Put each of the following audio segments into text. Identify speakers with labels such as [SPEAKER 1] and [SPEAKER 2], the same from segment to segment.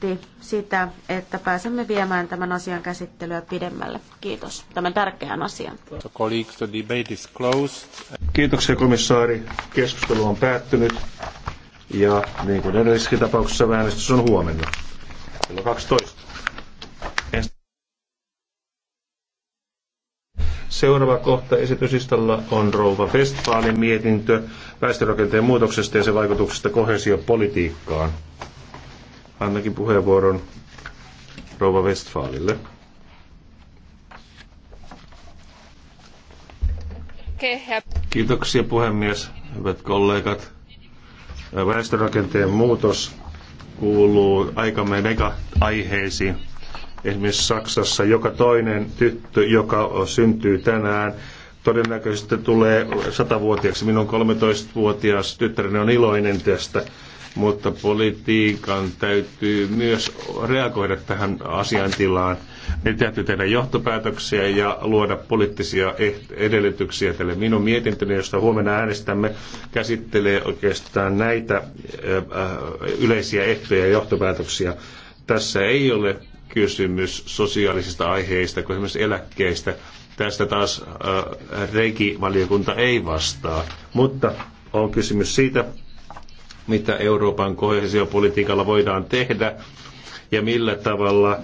[SPEAKER 1] painotti sitä, että pääsemme viemään tämän asian käsittelyä pidemmälle. Kiitos tämän tärkeän asian.
[SPEAKER 2] Kiitoksia komissaari. Keskustelu on päättynyt ja niin kuin edellisessäkin tapauksessa äänestys on huomenna kello 12. Seuraava kohta esityslistalla on Rouva Westfaalin mietintö väestörakenteen muutoksesta ja sen vaikutuksesta kohesiopolitiikkaan. Annakin puheenvuoron Rova Westfaalille. Kiitoksia puhemies, hyvät kollegat. Väestörakenteen muutos kuuluu aikamme mega-aiheisiin. Esimerkiksi Saksassa joka toinen tyttö, joka syntyy tänään, todennäköisesti tulee satavuotiaaksi. Minun 13-vuotias tyttäreni on iloinen tästä mutta politiikan täytyy myös reagoida tähän asiantilaan. Ne täytyy tehdä johtopäätöksiä ja luoda poliittisia eh- edellytyksiä tälle. Minun mietintöni, josta huomenna äänestämme, käsittelee oikeastaan näitä eh, äh, yleisiä ehtoja ja johtopäätöksiä. Tässä ei ole kysymys sosiaalisista aiheista, kuin esimerkiksi eläkkeistä. Tästä taas äh, reikivaliokunta ei vastaa, mutta on kysymys siitä, mitä Euroopan kohesiopolitiikalla voidaan tehdä ja millä tavalla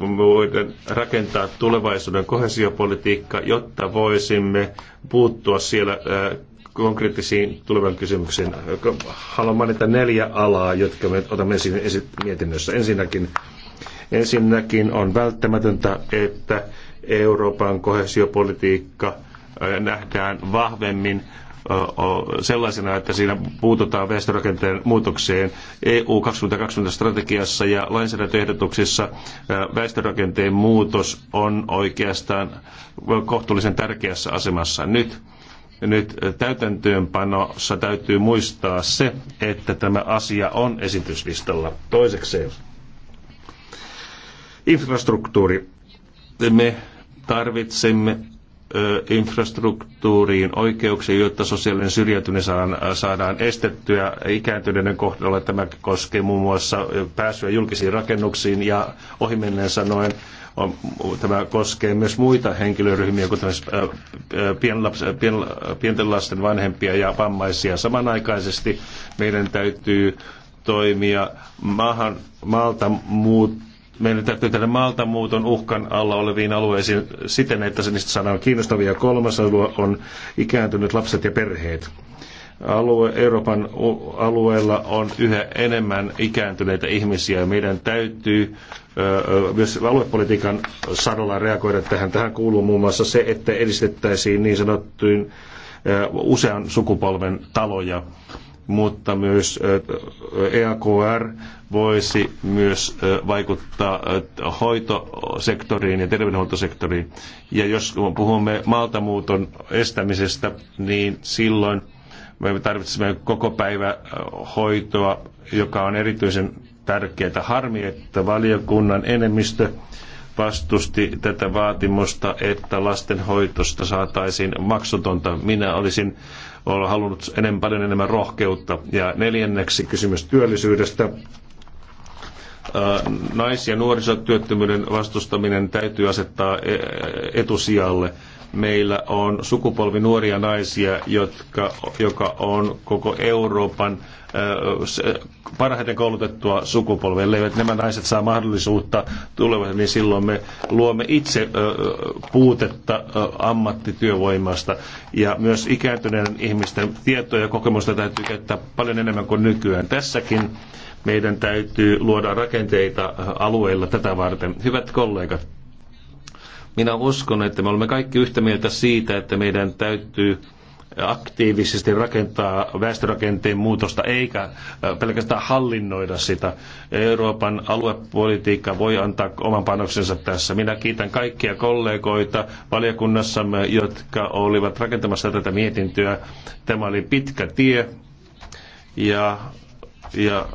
[SPEAKER 2] voidaan rakentaa tulevaisuuden kohesiopolitiikka, jotta voisimme puuttua siellä konkreettisiin tulevan kysymyksiin. Haluan mainita neljä alaa, jotka me otamme esiin mietinnössä. Ensinnäkin, ensinnäkin on välttämätöntä, että Euroopan kohesiopolitiikka nähdään vahvemmin sellaisena, että siinä puututaan väestörakenteen muutokseen. EU 2020 strategiassa ja lainsäädäntöehdotuksissa väestörakenteen muutos on oikeastaan kohtuullisen tärkeässä asemassa nyt. Nyt täytäntöönpanossa täytyy muistaa se, että tämä asia on esityslistalla. Toisekseen infrastruktuuri. Me tarvitsemme infrastruktuuriin oikeuksia, jotta sosiaalinen syrjäytyminen saadaan, saadaan estettyä. Ikääntyneiden kohdalla tämä koskee muun muassa pääsyä julkisiin rakennuksiin ja ohimenneen sanoen on, tämä koskee myös muita henkilöryhmiä, kuten pienlaps, pien, pienten lasten vanhempia ja vammaisia. Samanaikaisesti meidän täytyy toimia maahan, maalta muut meidän täytyy tehdä maaltamuuton uhkan alla oleviin alueisiin siten, että se niistä saadaan kiinnostavia. Kolmas alue on ikääntynyt lapset ja perheet. Alue, Euroopan alueella on yhä enemmän ikääntyneitä ihmisiä. Meidän täytyy myös aluepolitiikan sadolla reagoida tähän. Tähän kuuluu muun muassa se, että edistettäisiin niin sanottuin usean sukupolven taloja mutta myös EAKR voisi myös vaikuttaa hoitosektoriin ja terveydenhuoltosektoriin. Ja jos puhumme maaltamuuton estämisestä, niin silloin me tarvitsemme koko päivä hoitoa, joka on erityisen tärkeää. Harmi, että valiokunnan enemmistö vastusti tätä vaatimusta, että lastenhoitosta saataisiin maksutonta. Minä olisin on halunnut enemmän, paljon enemmän rohkeutta. Ja neljänneksi kysymys työllisyydestä. Äh, nais- ja nuorisotyöttömyyden vastustaminen täytyy asettaa e- e- etusijalle meillä on sukupolvi nuoria naisia, jotka, joka on koko Euroopan äh, parhaiten koulutettua sukupolvea. Elleivät nämä naiset saa mahdollisuutta tulevaisuudessa, niin silloin me luomme itse äh, puutetta äh, ammattityövoimasta. Ja myös ikääntyneiden ihmisten tietoa ja kokemusta täytyy käyttää paljon enemmän kuin nykyään. Tässäkin meidän täytyy luoda rakenteita alueilla tätä varten. Hyvät kollegat, minä uskon, että me olemme kaikki yhtä mieltä siitä, että meidän täytyy aktiivisesti rakentaa väestörakenteen muutosta, eikä pelkästään hallinnoida sitä. Euroopan aluepolitiikka voi antaa oman panoksensa tässä. Minä kiitän kaikkia kollegoita valiokunnassamme, jotka olivat rakentamassa tätä mietintöä. Tämä oli pitkä tie ja, ja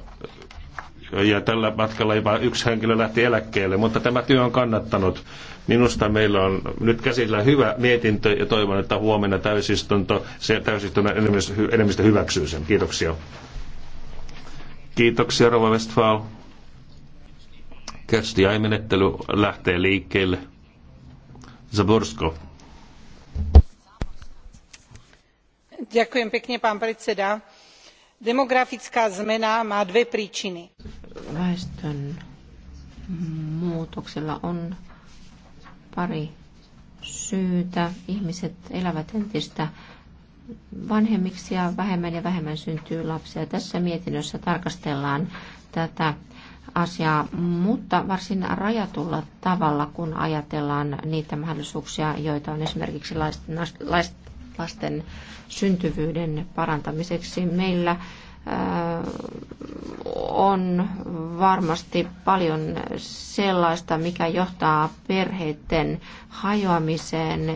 [SPEAKER 2] ja tällä matkalla jopa yksi henkilö lähti eläkkeelle, mutta tämä työ on kannattanut. Minusta meillä on nyt käsillä hyvä mietintö ja toivon, että huomenna täysistunto, se täysistunnon enemmistö hyväksyy sen. Kiitoksia. Kiitoksia, Rova Westfall. Kerstiaimenettely lähtee liikkeelle. Zaborsko.
[SPEAKER 3] Ďakujem pekne, pán predseda. Demografická zmena má dve príčiny. Väestön muutoksella on pari syytä. Ihmiset elävät entistä vanhemmiksi ja vähemmän ja vähemmän syntyy lapsia. Tässä mietinnössä tarkastellaan tätä asiaa, mutta varsin rajatulla tavalla, kun ajatellaan niitä mahdollisuuksia, joita on esimerkiksi lasten, lasten syntyvyyden parantamiseksi. Meillä on varmasti paljon sellaista, mikä johtaa perheiden hajoamiseen.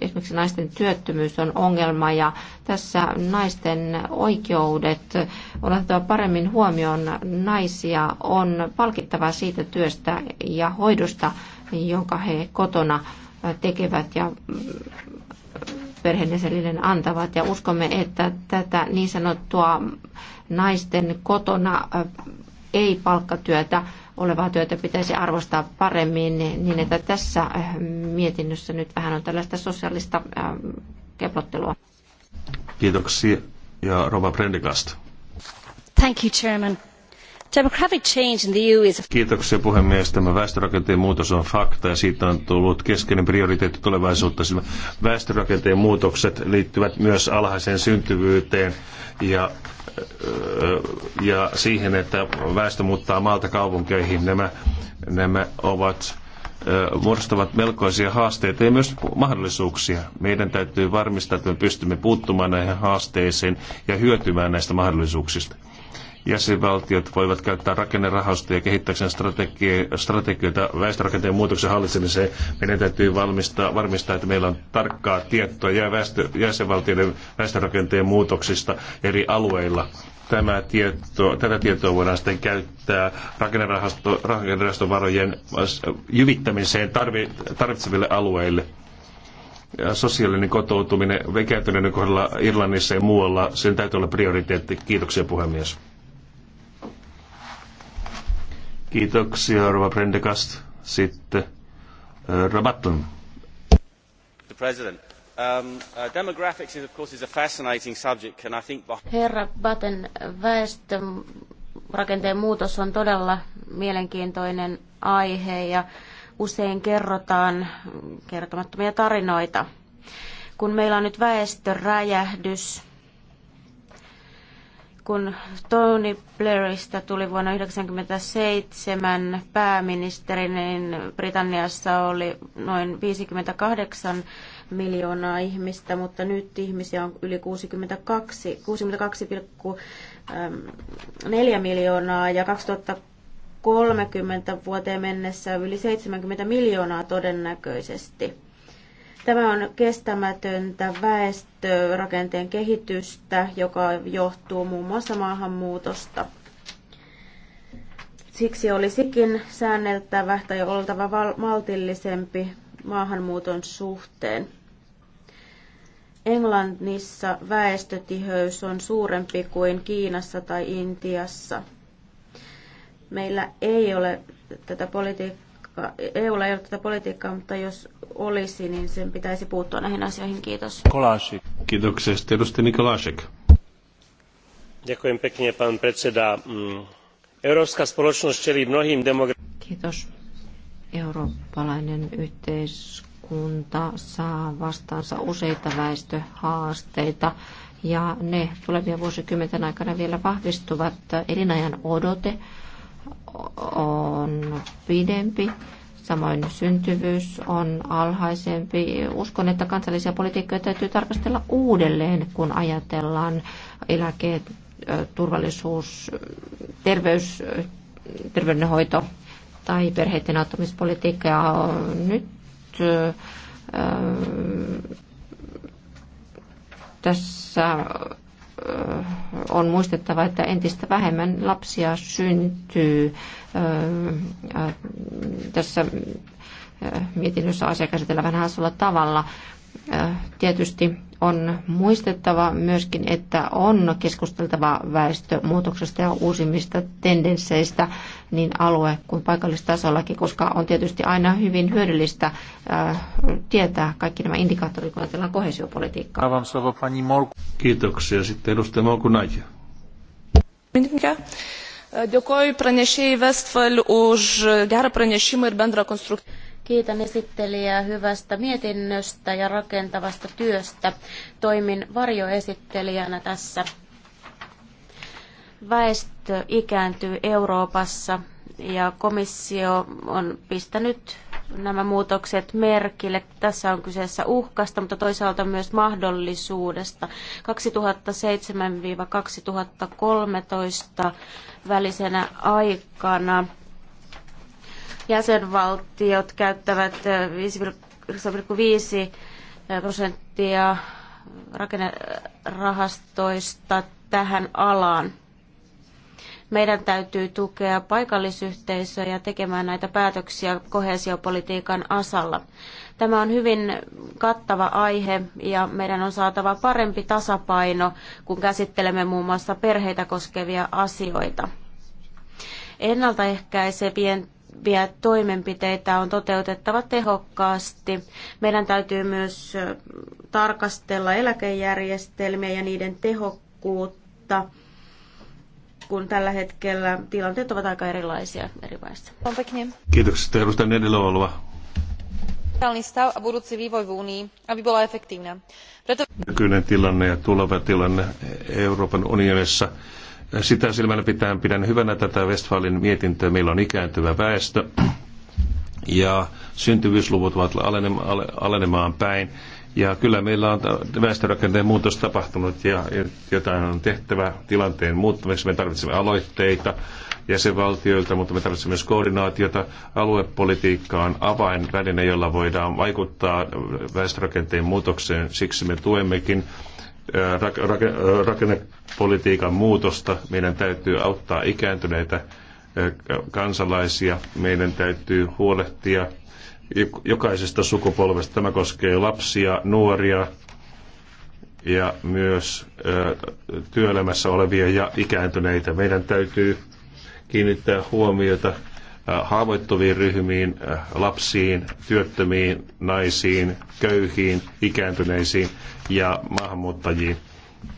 [SPEAKER 3] Esimerkiksi naisten työttömyys on ongelma ja tässä naisten oikeudet on otettava paremmin huomioon. Naisia on palkittava siitä työstä ja hoidosta, jonka he kotona tekevät ja perheenjäsenilleen antavat. Ja uskomme, että tätä niin sanottua naisten kotona äh, ei palkkatyötä olevaa työtä pitäisi arvostaa paremmin, niin että tässä äh, mietinnössä nyt vähän on tällaista sosiaalista äh, keplottelua.
[SPEAKER 2] Kiitoksia. Ja Rova Prendergast. Thank you, Chairman. E Kiitoksia puhemies. Tämä väestörakenteen muutos on fakta ja siitä on tullut keskeinen prioriteetti tulevaisuutta. Sillä väestörakenteen muutokset liittyvät myös alhaiseen syntyvyyteen ja ja siihen, että väestö muuttaa maalta kaupunkeihin. Nämä, nämä ovat muodostavat melkoisia haasteita ja myös mahdollisuuksia. Meidän täytyy varmistaa, että me pystymme puuttumaan näihin haasteisiin ja hyötymään näistä mahdollisuuksista jäsenvaltiot voivat käyttää rakennerahastoja kehittääkseen strategioita väestörakenteen muutoksen hallitsemiseen. Meidän täytyy valmistaa, varmistaa, että meillä on tarkkaa tietoa väestö, jäsenvaltioiden väestörakenteen muutoksista eri alueilla. Tämä tieto, tätä tietoa voidaan sitten käyttää rakennerahasto, rakennerahastovarojen jyvittämiseen tarvi, tarvitseville alueille sosiaalinen kotoutuminen ikääntyneiden kohdalla Irlannissa ja muualla, sen täytyy olla prioriteetti. Kiitoksia puhemies. Kiitoksia, Rova Prendekast. Sitten uh, eh, Rabatton.
[SPEAKER 1] The president. Um, uh, demographics is of course is a fascinating subject and I think Herra Batten, väestön rakenteen muutos on todella mielenkiintoinen aihe ja usein kerrotaan kertomattomia tarinoita. Kun meillä on nyt väestöräjähdys, kun Tony Blairista tuli vuonna 1997 pääministeri, niin Britanniassa oli noin 58 miljoonaa ihmistä, mutta nyt ihmisiä on yli 62, 62,4 miljoonaa ja 2030 vuoteen mennessä yli 70 miljoonaa todennäköisesti. Tämä on kestämätöntä väestörakenteen kehitystä, joka johtuu muun muassa maahanmuutosta. Siksi olisikin säänneltävä tai oltava maltillisempi maahanmuuton suhteen. Englannissa väestötiheys on suurempi kuin Kiinassa tai Intiassa. Meillä ei ole tätä politiikkaa koska EUlla ei ole tätä politiikkaa, mutta jos olisi, niin sen pitäisi puuttua näihin asioihin. Kiitos.
[SPEAKER 2] Kolasik. Kiitoksia. Edustaja Nikolasik. pekne, pán predseda. Mm, Európska spoločnosť čelí mnohým
[SPEAKER 3] Kiitos. Eurooppalainen yhteiskunta saa vastaansa useita väestöhaasteita ja ne tulevien vuosikymmenten aikana vielä vahvistuvat elinajan odote on pidempi, samoin syntyvyys on alhaisempi. Uskon, että kansallisia politiikkoja täytyy tarkastella uudelleen, kun ajatellaan eläke, turvallisuus, terveys, terveydenhoito tai perheiden auttamispolitiikkaa. Nyt tässä on muistettava, että entistä vähemmän lapsia syntyy tässä mietinnössä asia käsitellä vähän hassulla tavalla. Tietysti on muistettava myöskin, että on keskusteltava väestömuutoksesta ja uusimmista tendensseistä niin alue- kuin paikallistasollakin, koska on tietysti aina hyvin hyödyllistä äh, tietää kaikki nämä indikaattorit, kun ajatellaan kohesiopolitiikkaa.
[SPEAKER 2] Kiitoksia. Sitten edustaja Mouku Naija.
[SPEAKER 3] Dėkoju pranešėjai Westfall
[SPEAKER 1] už gerą pranešimą ir bendrą konstrukciją. Kiitän esittelijää hyvästä mietinnöstä ja rakentavasta työstä. Toimin varjoesittelijänä tässä. Väestö ikääntyy Euroopassa ja komissio on pistänyt nämä muutokset merkille. Tässä on kyseessä uhkasta, mutta toisaalta myös mahdollisuudesta. 2007-2013 välisenä aikana jäsenvaltiot käyttävät 5,5 prosenttia rakennerahastoista tähän alaan. Meidän täytyy tukea paikallisyhteisöjä tekemään näitä päätöksiä kohesiopolitiikan asalla. Tämä on hyvin kattava aihe ja meidän on saatava parempi tasapaino, kun käsittelemme muun muassa perheitä koskevia asioita. Ennaltaehkäisevien liittyviä toimenpiteitä on toteutettava tehokkaasti. Meidän täytyy myös tarkastella eläkejärjestelmiä ja niiden tehokkuutta, kun tällä hetkellä tilanteet ovat aika erilaisia eri maissa.
[SPEAKER 2] Kiitoksia, edustaja Nedelova
[SPEAKER 1] sociálny stav a budúci vývoj v únii aby bola efektívna.
[SPEAKER 2] Nykyinen tilanne ja tuleva tilanne Euroopan unionissa sitä silmällä pitää pidän hyvänä tätä Westfalin mietintöä. Meillä on ikääntyvä väestö ja syntyvyysluvut ovat alenemaan päin. Ja kyllä meillä on väestörakenteen muutos tapahtunut ja jotain on tehtävä tilanteen muuttamiseksi. Me tarvitsemme aloitteita jäsenvaltioilta, mutta me tarvitsemme myös koordinaatiota. Aluepolitiikka on avainväline, jolla voidaan vaikuttaa väestörakenteen muutokseen. Siksi me tuemmekin rakennepolitiikan muutosta. Meidän täytyy auttaa ikääntyneitä kansalaisia. Meidän täytyy huolehtia jokaisesta sukupolvesta. Tämä koskee lapsia, nuoria ja myös työelämässä olevia ja ikääntyneitä. Meidän täytyy kiinnittää huomiota haavoittuviin ryhmiin, lapsiin, työttömiin, naisiin, köyhiin, ikääntyneisiin ja maahanmuuttajiin.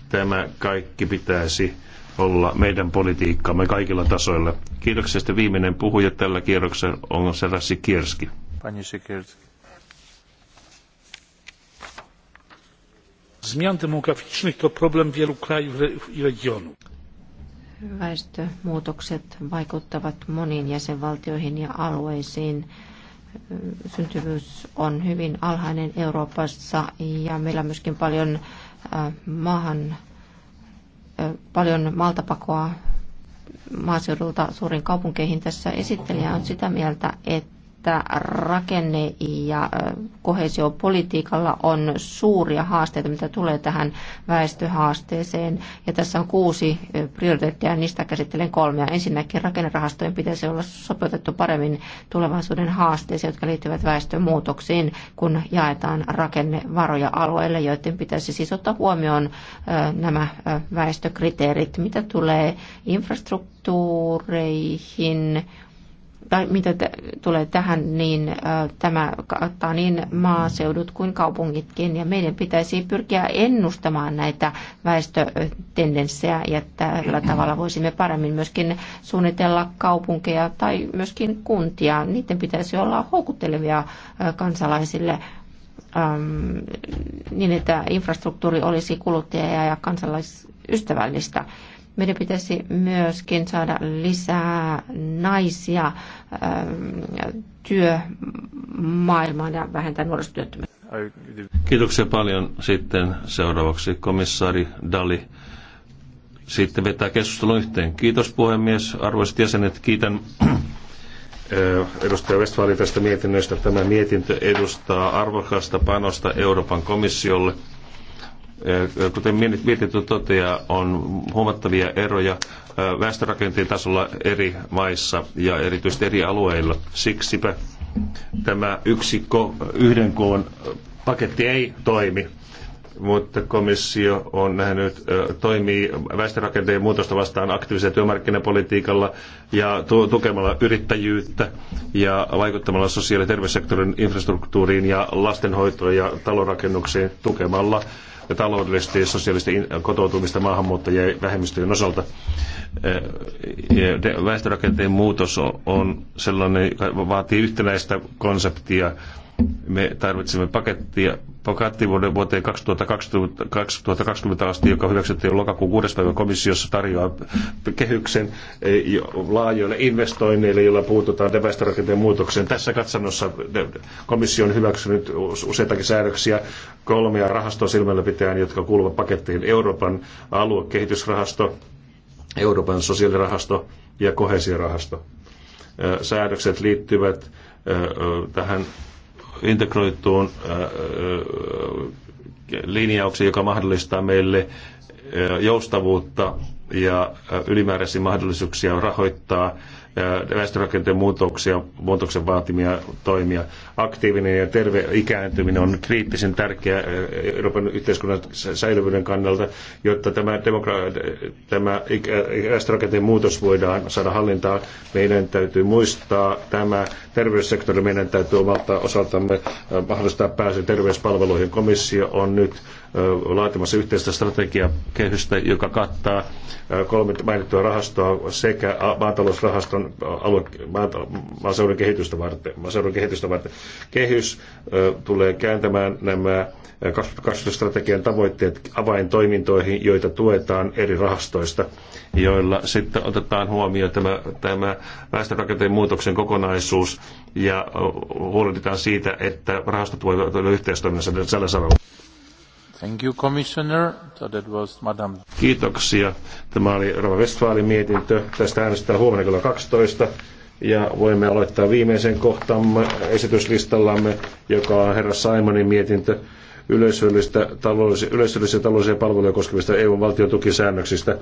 [SPEAKER 2] Tämä kaikki pitäisi olla meidän politiikkamme kaikilla tasoilla. Kiitoksia. Sitten viimeinen puhuja tällä kierroksella on Serassi Kierski. Pani Sikierski. Zmian demograficznych to problem wielu krajów i regionów
[SPEAKER 3] Väestömuutokset vaikuttavat moniin jäsenvaltioihin ja alueisiin. Syntyvyys on hyvin alhainen Euroopassa ja meillä on myöskin paljon äh, maahan äh, paljon maltapakoa maaseudulta suurin kaupunkeihin. Tässä esittelijä on sitä mieltä, että että rakenne- ja kohesiopolitiikalla on suuria haasteita, mitä tulee tähän väestöhaasteeseen. Ja tässä on kuusi prioriteettia, niistä käsittelen kolmea. Ensinnäkin rakennerahastojen pitäisi olla sopeutettu paremmin tulevaisuuden haasteisiin, jotka liittyvät väestömuutoksiin, kun jaetaan rakennevaroja alueille, joiden pitäisi siis ottaa huomioon nämä väestökriteerit, mitä tulee infrastruktuureihin, tai mitä te, tulee tähän, niin ä, tämä kattaa niin maaseudut kuin kaupungitkin, ja meidän pitäisi pyrkiä ennustamaan näitä väestötendenssejä, ja tällä tavalla voisimme paremmin myöskin suunnitella kaupunkeja tai myöskin kuntia. Niiden pitäisi olla houkuttelevia ä, kansalaisille äm, niin, että infrastruktuuri olisi kuluttaja- ja kansalaisystävällistä. Meidän pitäisi myöskin saada lisää naisia ähm, työmaailmaan ja vähentää nuorisotyöttömyyttä.
[SPEAKER 2] Kiitoksia paljon. Sitten seuraavaksi komissaari Dali sitten vetää keskustelun yhteen. Kiitos puhemies, arvoisat jäsenet. Kiitän eh, edustaja Westfalin tästä mietinnöstä. Tämä mietintö edustaa arvokasta panosta Euroopan komissiolle – kuten mietintö toteaa, on huomattavia eroja väestörakenteen tasolla eri maissa ja erityisesti eri alueilla. Siksipä tämä yksi ko, yhden koon paketti ei toimi, mutta komissio on nähnyt, toimii väestörakenteen muutosta vastaan aktiivisella työmarkkinapolitiikalla ja tukemalla yrittäjyyttä ja vaikuttamalla sosiaali- ja terveyssektorin infrastruktuuriin ja lastenhoitoon ja talorakennuksiin tukemalla ja taloudellisesti ja sosiaalisesti kotoutumista maahanmuuttajien ja vähemmistöjen osalta. Eh, väestörakenteen muutos on sellainen, joka vaatii yhtenäistä konseptia me tarvitsemme pakettia, pakatti vuoteen 2020, 2020 asti, joka hyväksyttiin lokakuun 6. päivän komissiossa tarjoaa kehyksen eh, laajoille investoinneille, joilla puututaan väestörakenteen muutokseen. Tässä katsannossa komissio on hyväksynyt useitakin säädöksiä kolmea rahastoa silmällä pitäen, jotka kuuluvat pakettiin Euroopan aluekehitysrahasto, Euroopan sosiaalirahasto ja kohesiorahasto. Eh, säädökset liittyvät eh, tähän integroituun äh, äh, linjauksiin, joka mahdollistaa meille äh, joustavuutta ja ylimääräisiä mahdollisuuksia rahoittaa väestörakenteen muutoksia, muutoksen vaatimia toimia. Aktiivinen ja terve ikääntyminen on kriittisen tärkeä eh, Euroopan yhteiskunnan säilyvyyden kannalta, jotta tämä, demokra- tämä väestörakenteen muutos voidaan saada hallintaan. Meidän täytyy muistaa tämä terveyssektori, meidän täytyy omalta osaltamme eh, mahdollistaa pääsy terveyspalveluihin. Komissio on nyt eh, laatimassa yhteistä strategiakehystä, joka kattaa kolme mainittua rahastoa sekä maatalousrahaston on äh, alue, maaseudun, kehitystä varten, maaseudun kehitystä varten. Kehys tulee kääntämään nämä 2020-strategian tavoitteet avaintoimintoihin, joita tuetaan eri rahastoista, joilla sitten otetaan huomioon tämä, tämä väestörakenteen muutoksen kokonaisuus ja huolehditaan siitä, että rahastot voivat olla yhteistoiminnassa tällä saralla. Thank you, Commissioner. So that was Madame. Kiitoksia. Tämä oli Rova Westfaalin mietintö. Tästä äänestetään huomenna kello 12. Ja voimme aloittaa viimeisen kohtamme esityslistallamme, joka on herra Simonin mietintö yleisöllisiä taloudellisia palveluja koskevista EU-valtion tukisäännöksistä.